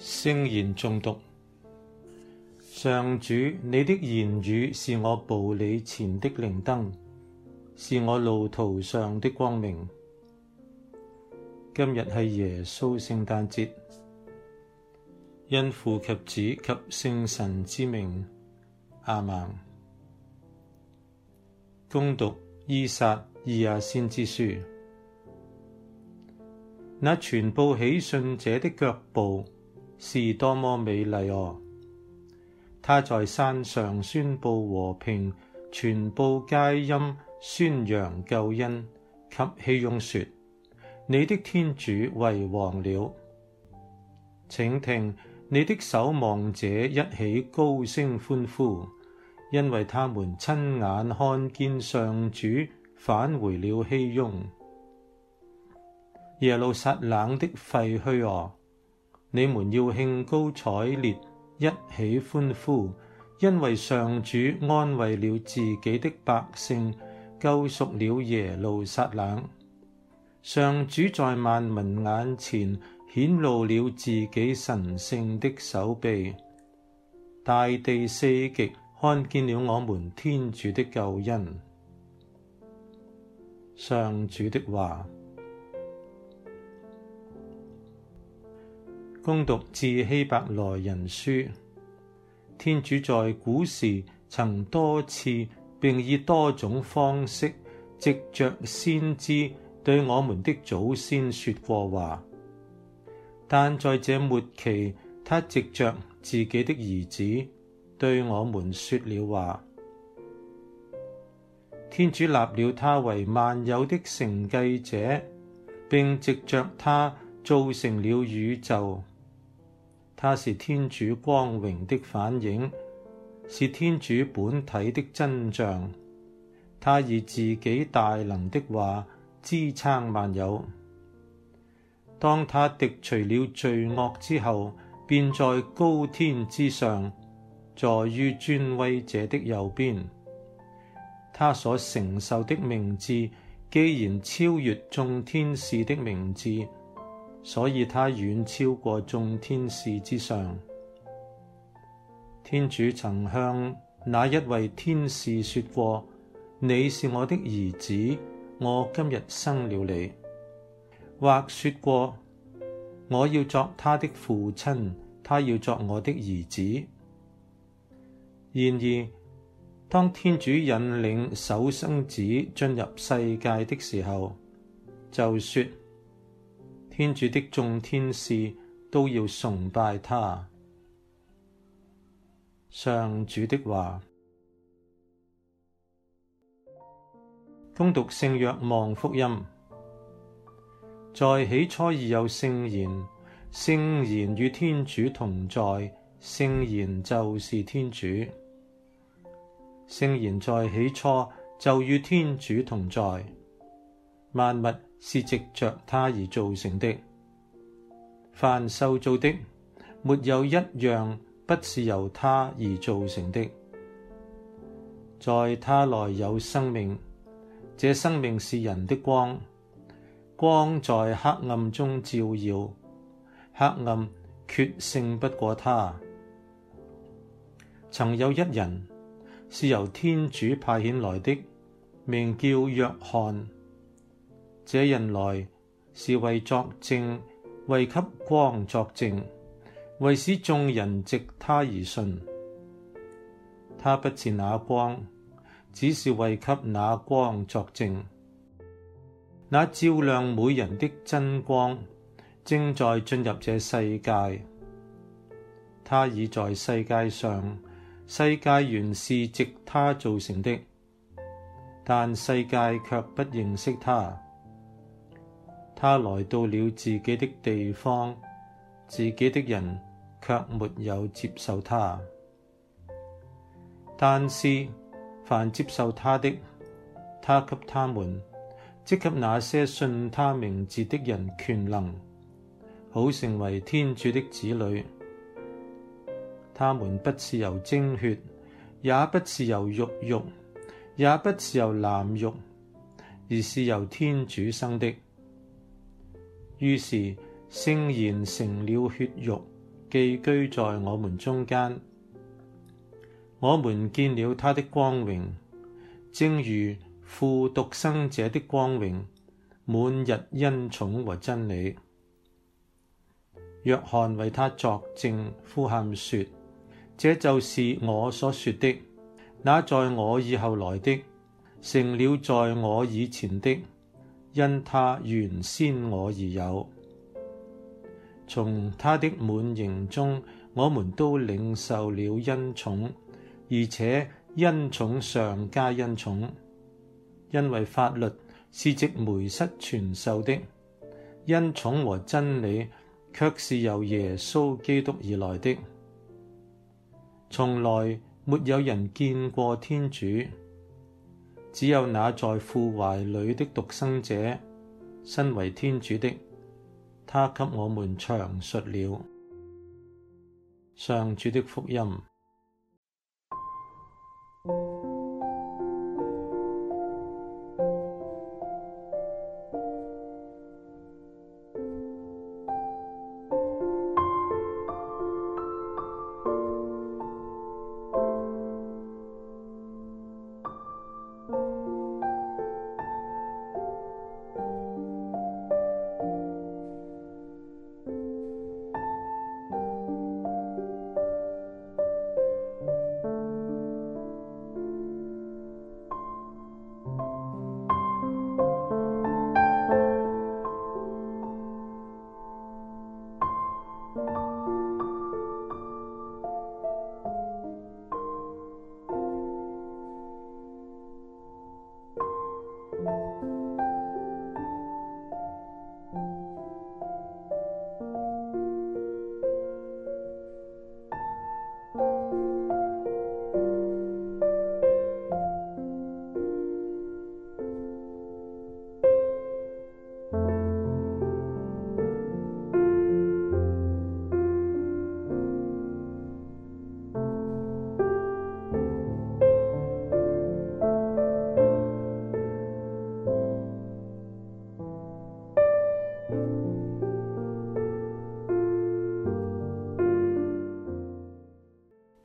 聖言誦讀。上主，你的言語是我步履前的靈燈，是我路途上的光明。今日係耶穌聖誕節，因父及子及聖神之名，阿門。恭讀依撒意亞先知書，那傳報喜訊者的腳步。是多麽美麗哦！他在山上宣布和平，傳報佳音，宣揚救恩，給熙雍說：你的天主為王了。請聽，你的守望者一起高聲歡呼，因為他們親眼看見上主返回了熙雍。耶路撒冷的廢墟哦！你們要興高采烈，一起歡呼，因為上主安慰了自己的百姓，救贖了耶路撒冷。上主在萬民眼前，顯露了自己神聖的手臂，大地四極看見了我們天主的救恩。上主的話。恭讀《致希伯來人書》，天主在古時曾多次並以多種方式，藉着先知，對我們的祖先說過話；但在這末期，他藉着自己的兒子對我們說了話。天主立了他為萬有的承繼者，並藉着他造成了宇宙。他是天主光榮的反映，是天主本體的真像。他以自己大能的話支撐萬有。當他滌除了罪惡之後，便在高天之上，坐於尊威者的右邊。他所承受的名字，既然超越眾天使的名字。所以他遠超過眾天使之上。天主曾向那一位天使說過：你是我的兒子，我今日生了你。或說過：我要作他的父親，他要作我的兒子。然而，當天主引領首生子進入世界的時候，就說：天主的眾天使都要崇拜他。上主的話：恭讀聖若望福音，在起初已有聖言，聖言與天主同在，聖言就是天主，聖言在起初就與天主同在，萬物。是藉着他而造成的，凡受造的，沒有一樣不是由他而造成的。在他內有生命，這生命是人的光，光在黑暗中照耀，黑暗決勝不過他。曾有一人，是由天主派遣來的，名叫若翰。這人來，是為作證，為給光作證，為使眾人藉他而信。他不是那光，只是為給那光作證。那照亮每人的真光，正在進入這世界。他已在世界上，世界原是藉他造成的，但世界卻不認識他。他來到了自己的地方，自己的人卻沒有接受他。但是凡接受他的，他給他們，即給那些信他名字的人權能，好成為天主的子女。他們不是由精血，也不是由肉慾，也不是由男慾，而是由天主生的。於是聖言成了血肉，寄居在我們中間。我們見了他的光榮，正如父獨生者的光榮，滿溢恩寵和真理。若翰為他作證，呼喊說：「這就是我所說的，那在我以後來的，成了在我以前的。」因他原先我而有。從他的滿盈中，我們都領受了恩寵，而且恩寵上加恩寵，因為法律是藉梅瑟傳授的，恩寵和真理卻是由耶穌基督而來的，從來沒有人見過天主。只有那在父懷裡的獨生者，身為天主的，他給我們詳述了上主的福音。